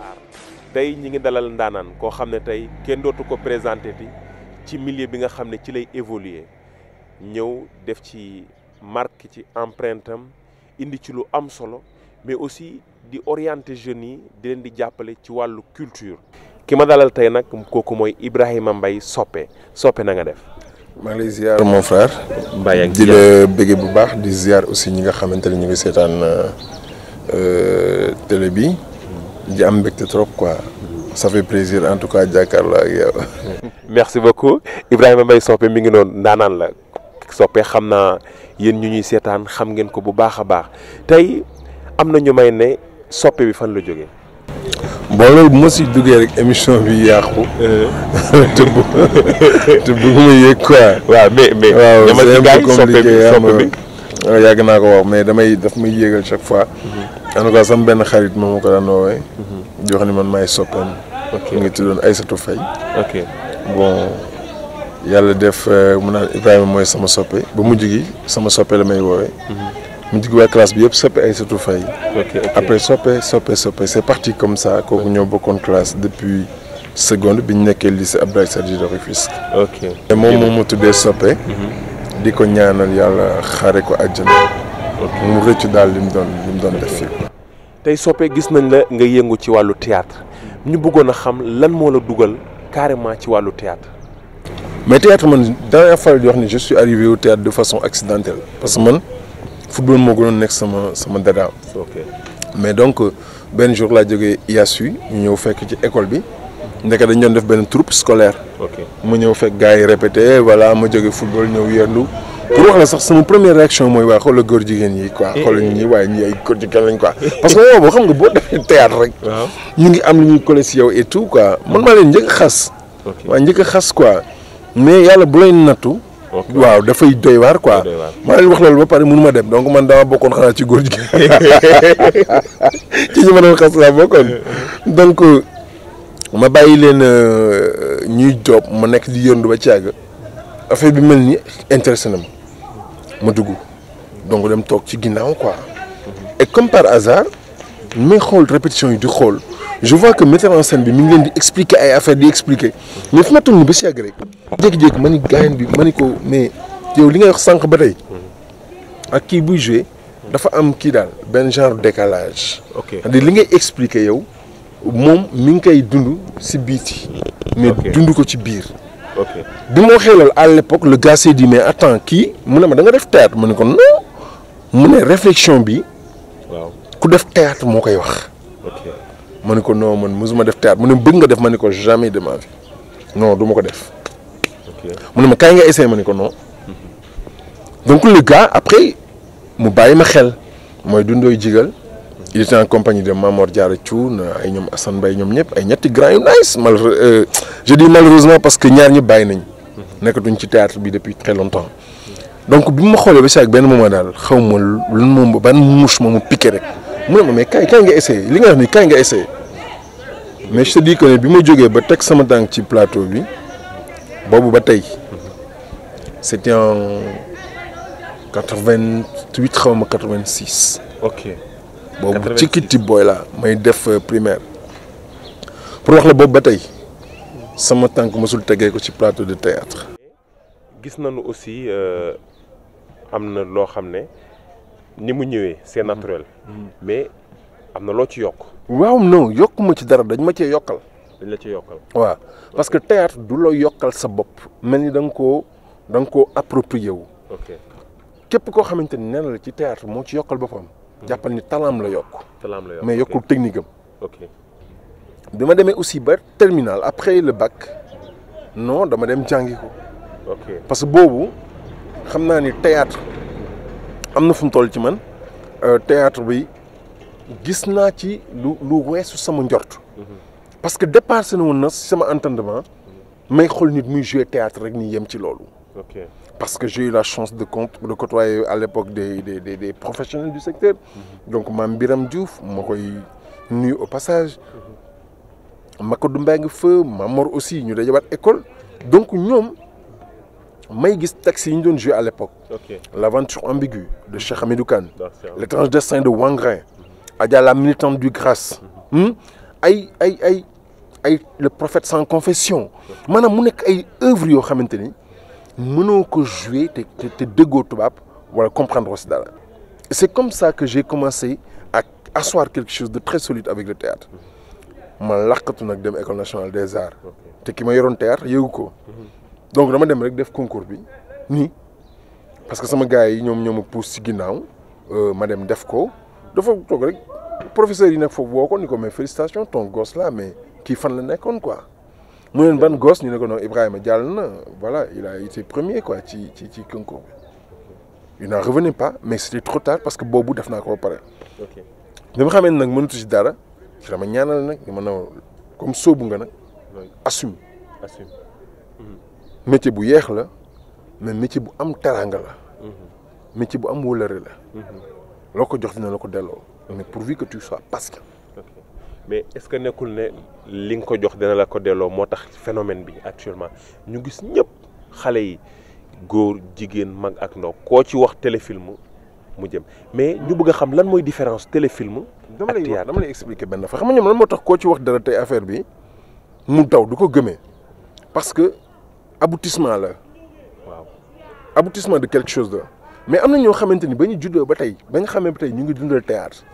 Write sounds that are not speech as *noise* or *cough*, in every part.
aar tey ñi ngi dalal ndaanaan koo xam ne tey kenn dootu ko présenté ti ci millier bi nga xam ne ci lay évoluer ñëw def ci marque ci empreinte am indi ci lu am solo mais aussi di orienter jeunes yi di leen di jàppale ci wàllu culture. ki ma dalal tey nag kooku mooy Ibrahima mbay Soppe Soppe na nga def. maa ngi lay ziar mon frère. Mbaye ak di la bu baax di ziar aussi ñi nga xamante ne ñu ngi seetaan euh, télé bi. di am mbégte trop quoi. ça fait plaisir en tout cas jàkkaarloo ak yow. merci beaucoup Ibrahima may soppe mi ngi noonu ndaanaan la soppe xam naa yéen ñu ñuy seetaan xam ngeen ko bu baax a baax tey am na ñu may ne soppe bi fan la jóge bon loolu moo duggee rek émission bi yàqu. Euh. *laughs* te bu *laughs* te bëgguma yëg waaw mais mais waaw c'est un yàgg naa ko wax mais damay daf may yéegal chaque fois. Mm-hmm. en tout cas sama benn xarit moom moo ko daan woowee. Mhm. di ni man maay soppeem. ok mu ngi tuddoon Aïssatou Faye. ok bon yàlla def euh, mu naan Ibrahima mooy sama soppe ba mujj gi sama soppe la may woowee. Mhm. mujj gi waa classe bi yëpp soppe Aïssatou Faye. ok après soppe soppe soppe c'est parti comme ça kooku ñëw bokkoon classe depuis seconde bi ñu nekkee lycée Abdoulaye Sadji de Rufisque. ok te moom moom mu tuddee soppe. Mhm. di ko ñaanal yàlla xaare ko àjjana. mu rëccu daal li mu doon li tey soppe gis nañ la nga yëngu ci wàllu théâtre ñu bëggoon a xam lan moo la dugal carrément ci wàllu théâtre mais théâtre man dangay faral di wax ni je suis arrivé au théâtre de façon accidentelle parce que man football moo gënoon nekk sama sama dada mais donc euh, benn jour laa jógee IASU ñu ñëw fekk ci école bi ndeke dañ doon def benn troupe scolaire mu ñëw fekk gars yi répété walaa ma jóge football ñëw yerlu pour wax la sax sama première réaction mooy waaye xoolal góor jigéen ñi quoi xoolal ñi waaye ñi ay góor jigéen lañ quoi *laughs* xam nga boo defee rek ñu ngi am lu ñuy collé si yow et tout quoi man maa leen njëkk a xas waaw njëkk xas quoi mais yàlla bu lay nattu waaw dafay doy waar quoi maa leen wax loolu ba pare mënu ma dem donc man daa bokkoon xanaa ci góor jigéen *laughs* ci ñu ma doon xas laa bokkoon donc ma bàyyi leen euh, ñuy job ma nekk di yëndu ba càgg affaire bi mel ni intéressé na ma ma dugg donc dem toog ci ginnaaw quoi et comme par hasard may xool répétition yi di xool je vois que metteur en bi mi ngi leen di expliquer ay affaire di expliquer mais fi ma toll nii ba si yàgg rek. jékki-jékki ma ni gaayen bi ma ni ko mais yow li ngay wax sànq ba tey ak kii buy joué dafa am kii daal benn genre décalage. ok cest li ngay expliquer yow moom mi ngi koy dund si biiti mais dund ko ci biir. ok bi ma waxee loolu à l'époque le gars s'est dit mais attends kii mu ne ma danga def théâtre ma ne ko non mu ne réflexion bi. ku def théâtre moo koy wax. ma ne ko non man mosuma def théâtre mu ne bëgg nga def ma ne ko jamais de ma vie non du ko def. ok mu ne ma kaay nga essayé ma ni ko non. Mhm. donc le gars après mu bàyyi ma xel mooy dundooy jigal. il était en compagnie de a Diarra Thioune ay ñoom Assane Mbaye ñoom ñëpp ay ñetti grand yu nice mal euh, je dis malheureusement parce que ñaar ñi bàyyi nañ nekkatuñ ci théâtre bi depuis très longtemps donc bi ma xoolee ba si ak benn moment daal xaw ma lan moom ban mouche moomu piqué rek mu ne ma mais kaay kaay nga essayé li nga wax ni kaay nga essayé mais je te dis que ne bi ma jógee ba teg sama tànk ci plateau bi boobu ba tey c'était en quatre-vingt-huit xaw ma quatre vingt boobu ci kitti booy la may def euh, primaire pour wax la boobu ba tey sama tànk mosul tegee ko ci plateau de théâtre gis na nañu aussi euh, am na loo xam ne ni mu ñëwee c'est naturel mm-hmm. mais am na loo ci yokk waaw non yokkuma ci dara dañ ma cee yokkal dañ la ci yokkal waa parce que théâtre du loo yokkal sa bopp mel ni da nga koo da nga koo wu képp koo xamante ni nee na la ci théâtre moo ci yokkal boppam jàppal ni talaam la yokk. talaam la yokk mais yokkul technique am. ok bi ma demee aussi ba terminal après le bac non dama dem jàngi ko. parce que boobu xam naa ni théâtre am na fu mu toll ci man euh, théâtre bi gis naa ci lu lu weesu sama njort. Mhm. parce que dépassé na woon na sama entendement. Mhm. may xool nit muy jouer théâtre rek ni yem ci loolu. Parce que j'ai eu la chance de, de côtoyer à l'époque des, des, professionnels du secteur. Mm -hmm. Donc, Mme Biram Diouf, je nu au passage. Mhm. Makodou Mbengue Feu, Mamor aussi, nous avons école. Donc, nous, may gis taxi yi ñu doon joué à l'époque l'aventure ambiguë de Cheikh Hamidou Kane l'étrange destin de Wangrin mhm. Adja la militante du grâce mhm. hmm? ay ay ay le profet sans confession maanaam mu nekk ay œuvre yoo xamante ni mënoo ko jouer te te tubaab wala comprendre aussi dara c'est comme ça que j'ai commencé à asseoir quelque chose de très solide avec le théâtre ma làqatu nag dem école nationale des arts te ki ma yoroon théâtre yëgu ko mhm. donc dama dem rek def concours bi nii parce que sama gars yi ñoom ñoo ma si ginnaaw euh, ma dem def ko dafa toog rek professeur yi nag foofu woo ko ni ko mais félicitations ton gosse là mais kii fan la nekkoon quoi mu neen ban gosse ñu ne ko non Ibrahima jàll na voilà il a été premier quoi ci ci ci concours bi il n'en revenait pas mais c'était trop tard parce que boobu def naa ko ba pare. ok bi ma xamee nag mënatu ci dara ci dama ñaanal nag dama ne comme sóobu nga nag. assume assume mhm. bu yeex la mais métier bu am teraanga la. Mhm. métier bu am wóllare la. Mhm. loo ko jox dina la ko delloo. pour pourvu que tu sois patient. mais est-ce que nekkul ne li nga ko jox dina la ko delloo moo tax phénomène bi actuellement ñu gis ñëpp xale yi góor jigéen mag ak ndaw koo ci wax téléfilm mu jëm mais ñu bëgg a xam lan mooy différence téléfilm. dama lay wax dama lay expliquer benn fa xam nga ñoom lan moo tax koo ci wax dara tey affaire bi mu daw du ko gëmee parce que aboutissement la waaw aboutissement de quelque chose la mais am na ñoo xamante ni ba ñu juddoo ba tey ba nga xamee ba tey ñu ngi dundal théâtre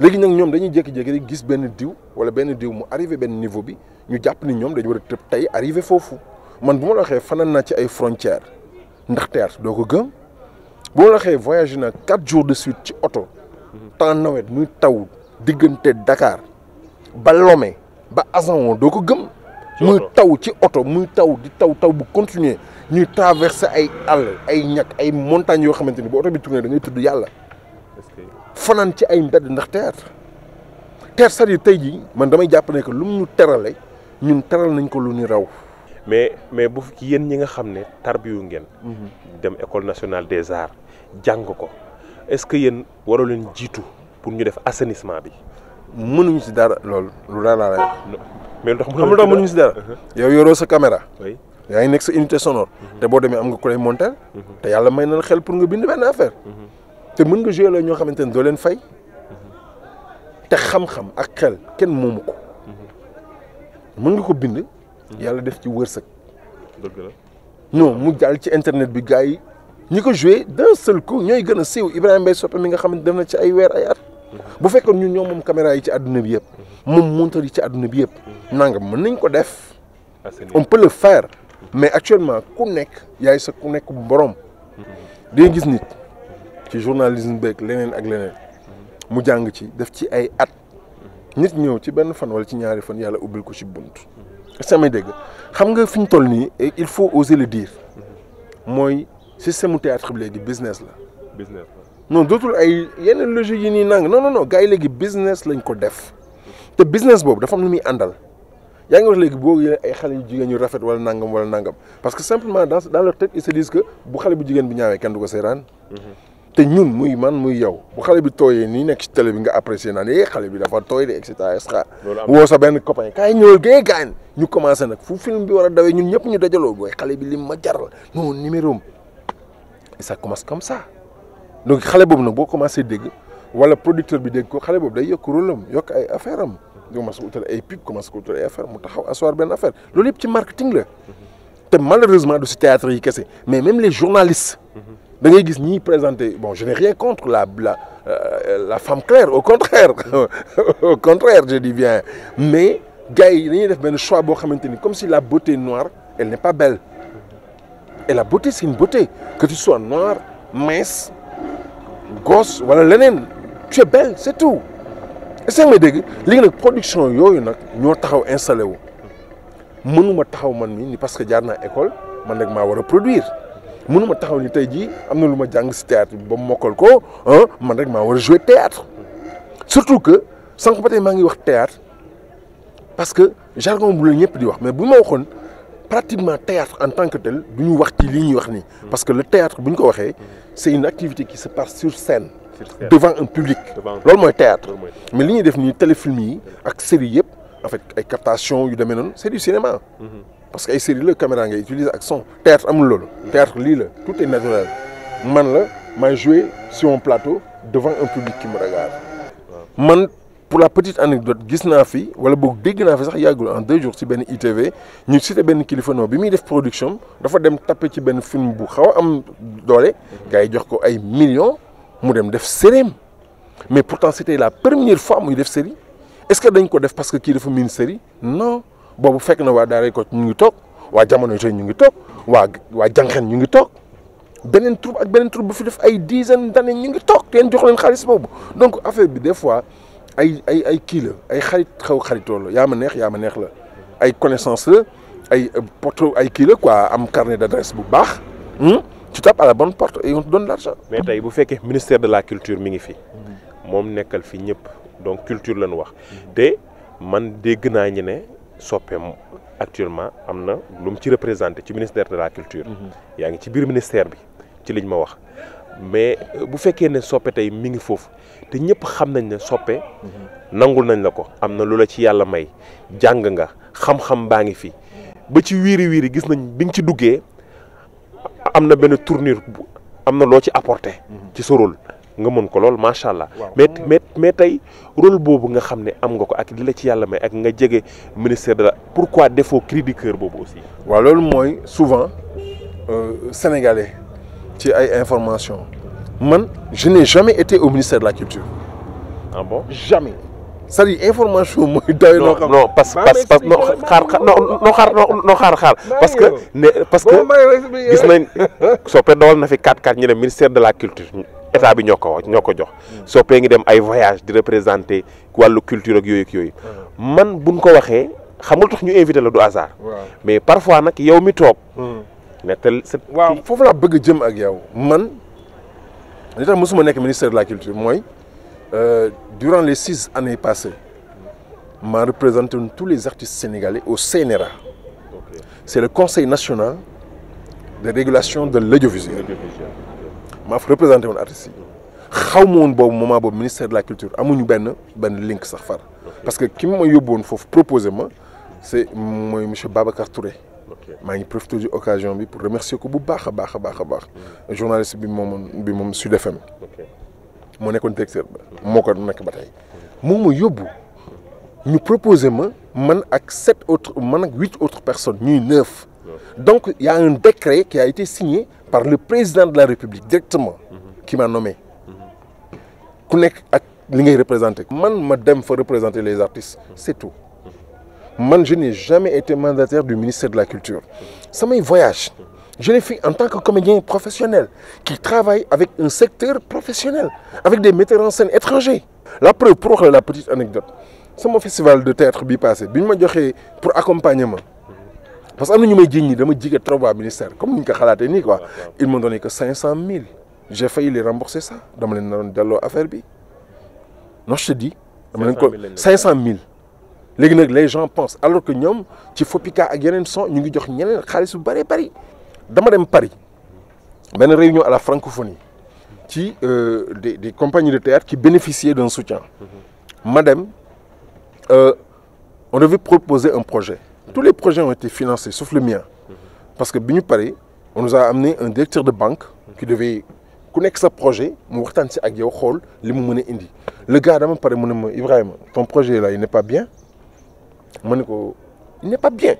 léegi nag ñoom dañuy jékki-jékki rek gis benn diw wala benn diw mu arrivé benn niveau bi ñu jàpp ni ñoom dañu war a tëb tey arrivé foofu man bu ma la waxee fanaan naa ci ay frontières ndax théâtre doo ko gëm bu ma la waxee voyagé naa quatre jours de suite ci oto temps nawet muy taw diggante Dakar ba Lomé ba Azangon doo ko gëm muy taw ci oto muy taw di taw taw bu continuer ñuy traversé ay àll ay ñag ay montagnes yoo xamante ni bu oto bi tourné da ngay tudd yàlla fanaan ci ay mbedd ndax teer teer sar yi tey jii man damay jàpp ne que lu mu ñu terale ñun teral nañ ko lu ni raw. mais mais bu yéen ñi nga xam ne tarbiyu ngeen. Mhm. dem école nationale des arts jàng ko est-ce que yen waroo leen jiitu pour ñu def assainissement bi. mënuñu si dara loolu lu daan laa lay wax. mais lu tax mënuñu si dara yow yoroo ngi nekk sa unité sonore. Mhm. te boo demee am mhm. yàlla may na xel pour nga bind benn affaire. te mën nga jouer ñoo xamante ne doo leen fay te xam-xam ak xel kenn moomu ko mën nga ko bind yàlla def ci wërsëg dëgg la non mu jàll ci internet bi gars yi ñi ko joué d'un seul ko ñooy gën a siiw Ibrahima Mbaye Sopé mi nga ne def na ci ay weer ay at bu fekkoon ñu ñoo moom caméra yi ci àdduna bi yëpp moom monteur yi ci àdduna bi yëpp nangam mën nañ ko def on peut le faire mais actuellement ku nekk yaay sa ku nekk borom day gis nit ci journalisme beeg leneen ak leneen mu jàng ci def ci ay at nit ñëw ci benn fan wala ci ñaari fan yàlla ubbil ko ci bunt samay dégg xam nga fi ñu toll nii il faut oser le dire mooy système mu théâtre bi léegi business la business non dootul ay yeneen logique yi nii nang non non non gars yi business lañ ko def te business boobu dafa am lu muy àndal yaa ngi wax léegi boo yéene ay xale yu jigéen ñu rafet wala nangam wala nangam parce que simplement dans dans leur tête ils se disent bu xale bu jigéen bi ñaawee kenn du ko seeraan mm-hmm. te ñun muy man muy yow bu xale bi tooyee ni nekk ci télé bi nga apprécier naan yee eh xale bi dafa tooy de et cetera et cetera woo sa benn copain kaay ñëw gee gaañ ñu commencé nag fu film bi war a dawee ñun ñëpp ñu dajaloo booy xale bi lim ma jar la non numéro am et ça commence comme ça donc xale boobu nag boo commencé dégg wala producteur bi dégg ko xale boobu day yokk rôle yokk ay affaire am commencé utal ay pub commencé mu taxaw asseoir benn affair loolu yëpp ci marketing la te malheureusement du si théâtre yi kese mais même les journalistes mm-hmm. da ngay gis ñiy présenter bon je n'ai rien contre la la euh, la femme claire au contraire *laughs* au contraire je dis bien mais gars yi dañuy def benn choix boo xamante ni comme si la beauté noire elle n'est pas belle et la beauté c'est une beauté que tu sois noir mince gosse wala leneen tu es belle c'est tout est-ce que may dégg léegi nag production yooyu nag ñoo taxaw installé wu mënuma taxaw man mi ni parce que jaar naa école man nag ma war a mënuma taxaw ni tey jii am na lu ma jàng si théâtre ba mu mokkal ko man rek maa war a jouer théâtre surtout que sànq ba tey maa ngi wax théâtre parce que jargon bu la ñëpp di wax mais bu ma waxoon pratiquement théâtre en tant que tel du ñu wax ci li ñuy wax ni parce que le théâtre bu ñu ko waxee c'est une activité qui se passe sur scène devant un public loolu mooy théâtre mais li ñuy def nii téléfilm yi ak série yëpp en fait ay captation yu demee noonu parce que ay série la caméra ngay utiliser ak son théâtre amul loolu théâtre lii la tout est naturel man la may joué sur un plateau devant un public qui me regarde man pour la petite anecdote gis naa fi wala boog dégg naa fi sax yàggul en deux jours ci benn ITV ñu cité benn kilifa bi muy def production dafa dem tapé ci benn film bu xaw a am doole gars yi jox ko ay millions mu dem def séréem mais pourtant c'était la première fois muy def série est-ce que dañ ko def parce que kii dafa miin série non boobu fekk na waa Daaray Kocc ñu ngi toog waa jamono tey ñu ngi toog waa waa jànqeen ñu ngi toog beneen troupe ak beneen troupe bu fi def ay dizaine d'années ñu ngi toog teen jox leen xaalis boobu donc affaire bi des fois ay ay ay kii la ay xarit xew xaritoo la yaa ma neex yaa ma neex la ay connaissance la ay euh, porte ay kii la quoi am carnet d'adresse bu baax ci hmm? tapes à la bonne porte et on te donne mais tey bu fekkee ministère de la culture mi ngi fi moom nekkal fi ñëpp donc culture lañu wax hmm. te man dégg naa ñu ne soppeem actuellement am na lu mu ci représenté ci ministère de la culture. Mhm. yaa ngi ci biir ministère bi ci liñ ma wax mais euh, bu fekkee ne soppe tey mi ngi foofu te ñëpp xam nañ ne soppe. Mhm. nangul nañ la ko am na lu la ci yàlla may jàng nga xam-xam baa ngi fi ba ci wiiri wiiri gis nañ bi nga ci duggee am na benn tournir am na loo ci apporté. Mhm. ci sorol nga mën ko loolu macha allah. mais mais mais tey rôle boobu nga xam ne am nga ko ak li la ci yàlla may ak nga jege ministère de la pourquoi defoo cri du cœur boobu aussi. waaw loolu mooy souvent euh, sénégalais ci ay information man je n'ai jamais été au ministère de la culture. ah bon information mooy doy noo xam non xaar xaar xaar parce que ne parce que gis nañ soppe dool na fi 4 4 ñu ne ministère de la culture état bi ñoo ko ñoo ko jox. soppee ngi dem ay voyage di représenter wàllu culture ak yooyu ak yooyu. Mmh. man buñ ko waxee xam nga tax ñu invité la du hasard. mais parfois nag yow mi toog. Mmh. ne tel foofu la bëgg jëm ak yow man li tax mosuma nekk ministère de la culture mooy euh, durant les six années passées ma représenté tous les artistes sénégalais au CNRA. c'est le conseil national de régulation de l'audiovisuel. maa fa représenté woon artistes yi xaw ma woon boobu moment boobu ministère de la culture amuñu benn benn link sax far parce que ki ma yóbbu woon foofu proposé ma c'est mooy monsieur Babacar Touré. maa ngi profité du occasion bi pour remercier ko bu baax a baax a baax a baax. journaliste bi moom bi moom Sud FM. moo nekkoon directeur ba. moo ko nekk ba tey. moom ma yóbbu ñu proposé ma man ak sept autres man ak huit autres personnes ñuy neuf. Donc, il y a un décret qui a été signé par le président de la République directement, qui m'a nommé. ku nekk ak li ngay représenté man ma dem fa représenter les artistes c'est tout man je n'ai jamais été mandataire du ministère de la culture samay voyage je l'ai fait en tant que comédien professionnel qui travaille avec un secteur professionnel avec des metteurs en scène étrangers la preuve pour la la petite anecdote sama festival de théâtre bi passé bi ñu ma joxee pour accompagnement parce que am na ñu may jiñ ñi dama jige trop waa ministère comme ni ñu ko xalaatee nii quoi ils m'ont donné que cinq cent mille j'ai failli les rembourser ça dama leen naroon delloo affaire bi non je te dis dama leen ko cinq cent mille léegi nag les gens pensent alors que ñoom ci Fopica ak yeneen son ñu ngi jox ñeneen xaalis bu bare bëri dama dem Paris benn réunion à la francophonie ci euh, des des compagnies de théâtre qui bénéficiaient d'un soutien mhm. ma dem euh, on devait proposer un projet tous les projets ont été financés, Parce que, bien paré, on nous a amené un directeur de banque qui devait connaître ce projet, nous avec toi, Le gars, il m'a parlé, Ibrahim, ton projet là, il n'est pas bien. il n'est pas bien.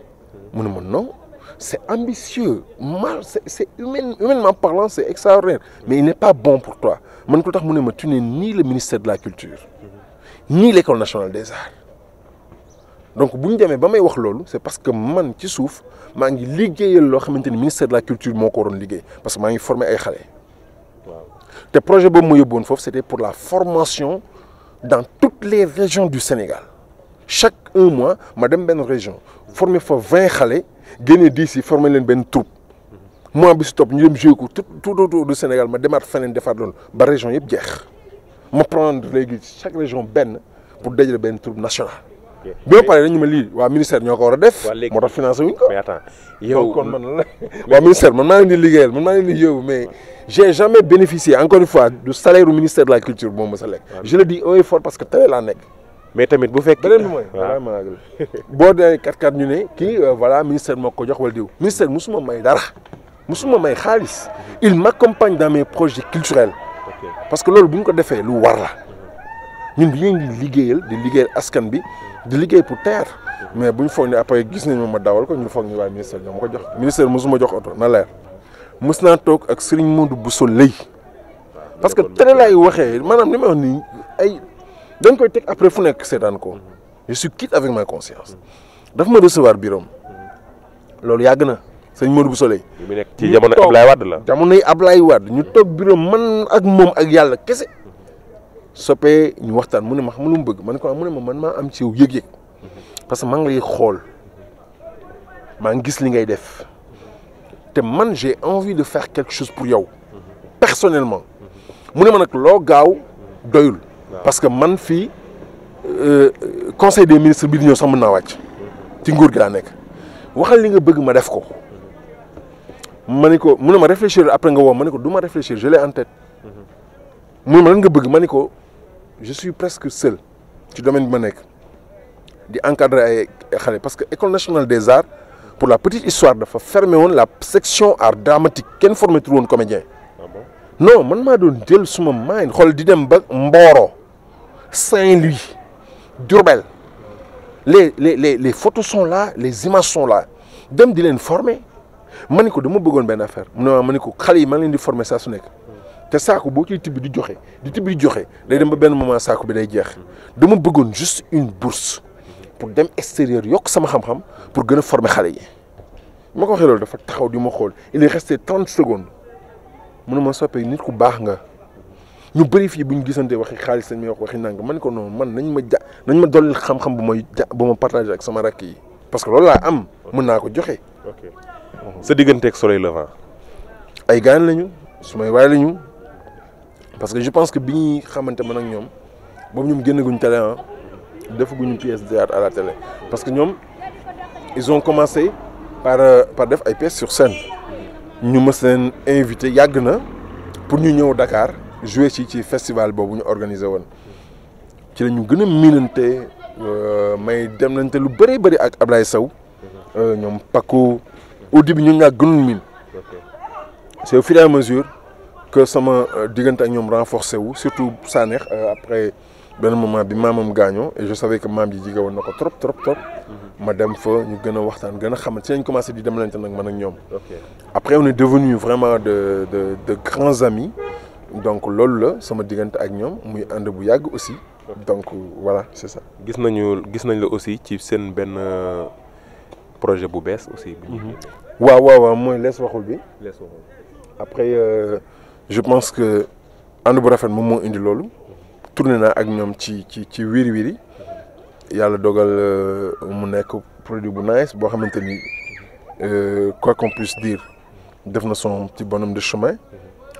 Il m'a non, c'est ambitieux, mal, c'est humain, humainement parlant, c'est extraordinaire, mais il n'est pas bon pour toi. Je tu n'es ni le ministère de la Culture, ni l'École nationale des arts. donc bu ñu demee ba may wax loolu c'est parce que man ci suuf maa ngi liggéeyal loo xamante ni ministère de la culture moo ko waroon liggéey parce que maa ngi formé ay xale. waaw te projet boobu ma yóbbuwoon foofu c'était pour la formation dans toutes les régions du Sénégal chaque un mois ma dem benn région formé fa vingt xale génnee dix yi formé leen benn troupe. mois bi si topp ñu dem joué ko tout tout autour du Sénégal ma demaat feneen defaat loolu ba région yëpp jeex ma prendre léegi chaque région benn pour dajale benn troupe bi ma paree dañu ma lii waa ministère ñoo ko war a def. moo tax financé wuñ ko. mais attends yow kon man la. waa ministère man maa leen di liggéeyal man maa leen di yóbbu la culture moom ma sa lekk. je le dis haut et fort que télé laa nekk. mais bu fekkee. beneen mooy waaw boo dee kat kat ñu ne kii euh, voilà ministère moo ko jox wala diw. ministère musuma may dara musuma may xaalis. Mhm. il m'accompagne dans mes projets culturels. parce que loolu bu ñu ko defee lu war la ñu liggéeyal di liggéeyal askan bi. di liggéey pour terre mais bu ñu foog ne après gis nañu ma dawal ko ñu foog ni waaye ministère ñoo ma ko jox ministère mosuma jox oto na leer mës naa toog ak Serigne Modou Bousso Leye parce que tere laay waxee maanaam li ma wax nii ay dañ koy teg après fu nekk seetaan ko je suis quitte avec ma conscience dafa ma recevoir biiram loolu yàgg na sëñ Modou Bousso Leye. mu nekk ci jamono Ablaye Wade la. jamonoy Ablaye Wade ñu toog biiram man ak moom ak yàlla kese. soppee ñu waxtaan mu ne ma xam lu mu bëgg man ko ah mu ne ma man maa am ci yow yëg-yëg parce que man ngay xool maa ngi gis li ngay def te man j'ai envie de faire quelque chose pour yow personnellement mu ne ma nag loo gaaw doyul parce que man fii euh, conseil des ministres bi di ñëw sax mën naa wàcc ci nguur gi laa nekk waxal li nga bëgg ma def ko ma ne ko mu ne ma réfléchir après nga woo ma ne ko du ma réfléchir je l'ai en tête mhm. mu ne ma lan nga bëgg ma ne ko je suis presque sel ci domaine bi ma nekk di encadrer ay xale parce que école nationale des arts pour la petite histoire dafa fermé woon la section art dramatique kenn formé tul woon comédien ah non man maa doon jël suma maa main xool di dem ba Mboro Saint-Louis Diourbel les les les les photos sont là les images sont là dem di leen former ma ni ko dama bëggoon benn affaire mu ne ma ko xale yi ma leen di former saa su nekk. te saako boo ciy tibb di joxe di tibb di joxe day dem ba benn moment saako bi day jeex dama bëggoon juste une bourse pour dem extérieur yokk sama xam-xam pour gën a former xale yi. ma ko waxee loolu dafa taxaw di ma xool il est resté trente mën mun ma soppee nit ku baax nga ñu bëri fii bu ñu gisante waxi xaalis lañ may wax waxi nang man ko noonu man nañ ma ja nañ ma dolli xam-xam bu may ja ma partagé ak sama rakk yi parce que loolu laa am mën naa ko joxe. ok sa digganteeg soleil levant. ay lañu su may waay lañu. parce que je pense que bi ñuy xamante man ak ñoom boobu ñoom génnaguñ télé ah defaguñu pièce de théâtre à la télé parce que ñoom ils ont commencé par euh, par def ay pièces sur scène ñu mës leen invité yàgg na pour ñu ñëw Dakar jouer ci ci festival boobu ñu organisé woon ci la ñu gën a miinante euh, may dem nañte lu bëree bëri ak Ablaye sew euh, ñoom Paco au début ñu ngaa gënul miin c'est fur et à mesure que sama euh, diggante ak ñoom renforcé wu surtout Sanex euh, après benn moment bi maamam gaañoo et je savais que maam ji jige woon na ko trop trop mhm. ma dem fa ñu gën a waxtaan gën a xamal ci lañ commencé di demlante nag man ak ñoom. après on est devenu vraiment de de de grands amis. donc loolu la sama diggante ak ñoom muy ànd bu yàgg aussi. donc voilà c'est ça. gis nañu gis nañ la aussi ci seen benn euh, projet bu bees aussi. Mhm. waaw waaw waaw mooy lees waxul bi. lees je pense que ànd bu rafet moom moo indi loolu tourné naa ak ñoom ci ci ci wiiri wiiri yàlla dogal euh, mu nekk produit bu nice boo xamante ni euh, quoi qu'on puisse dire def na son petit bonhomme de chemin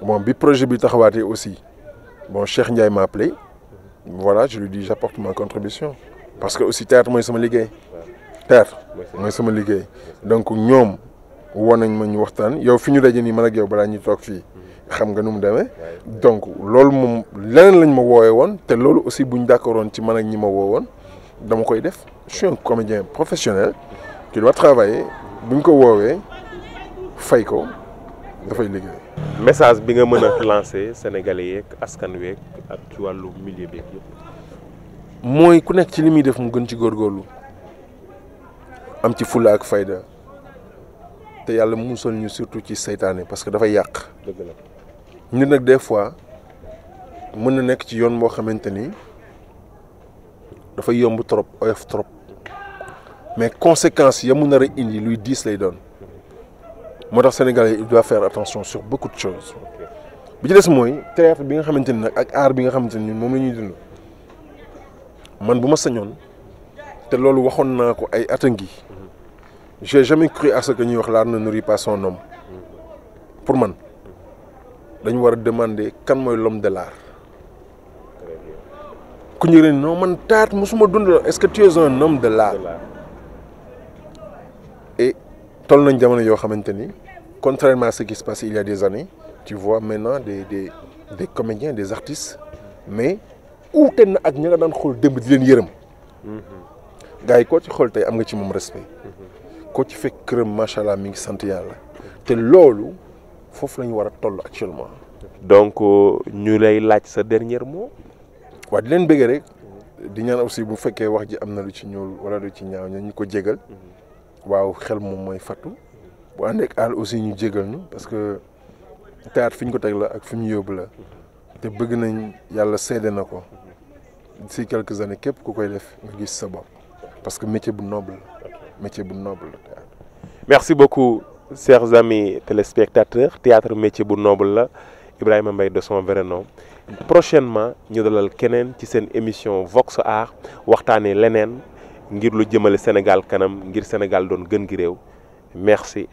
bon bi projet bi taxawaatee aussi bon Cheikh Ndiaye m'a appelé voilà je lui dis j'apporte ma contribution parce que aussi théâtre mooy sama liggéey théâtre mooy sama liggéey donc ñoom woo nañ ma ñu waxtaan yow fi ñu daje nii man ak yow balaa ñuy toog fii xam nga nu mu demee donc loolu moom leneen lañ ma woowee woon te loolu aussi buñ d'accordoon ci man ak ñi ma woo woon dama koy def je suis un comédien professionnel qui doit travailler buñ ko woowee fay ko dafay liggéey. message bi nga mën a lancer sénégalais yeeg askan weeg ak ci wàllu milieu beeg yëpp. mooy ku nekk ci li muy def mu gën ci góorgóorlu am ci fulla ak fayda te yàlla mu musal ñu surtout ci seytaane parce que dafay yàq. nit nag des fois mën na nekk ci yoon moo xamante ni dafa yomb trop oyof trop mais conséquences ya mu nar a indi luy diis lay doon moo tax Sénégalais il doit faire attention sur beaucoup de choses bi ci des mooy théâtre bi nga xamante ni nag ak art bi nga xamante ni ñun moom la ñuy dund man bu ma sañoon te loolu waxoon naa ko ay at a ngi jamais cru à ñuy wax l'art ne nourrit pas son homme pour man. dañu war a demander kan mooy l'homme de l'art ku ñu ren non man taat mosuma dund la est-ce que tu es un homme de l'art e toll nañ jamono yoo xamante ni contrairement à ce qui se passe il y des années ci vois maintenant des des des comédiens des artistes mais uute na ak ña nga daan xool démb di leen yërëm mm-hmm. gars yi koo ci xool tey am nga ci moom respect mm-hmm. koo ci fekk këram macha allah mi ngi sant yàlla te loolu. foofu la ñu war a toll actuellement. donc ñu lay laaj sa dernier mot. waa di leen bëggee rek di ñaan aussi bu fekkee wax ji am na lu ci ñuul wala lu ci ñaaw ñu ko jégal waaw xel moom mooy fattu bu àndeek ak aussi ñu jégal ñu parce que théâtre fi ñu ko teg la ak fi ñu yóbbu la te bëgg nañ yàlla seede na ko si quelques années képp ku koy def nga gis sa bopp parce que métier bu noble la métier bu noble la merci beaucoup. chers amis téléspectateurs théâtre métier bu noble la Ibrahima Mbaye de son vrai nom prochainement ñu dalal keneen ci seen émission Vox waxtaan waxtaanee leneen ngir lu jëmale Sénégal kanam ngir Sénégal doon gën gi réew merci.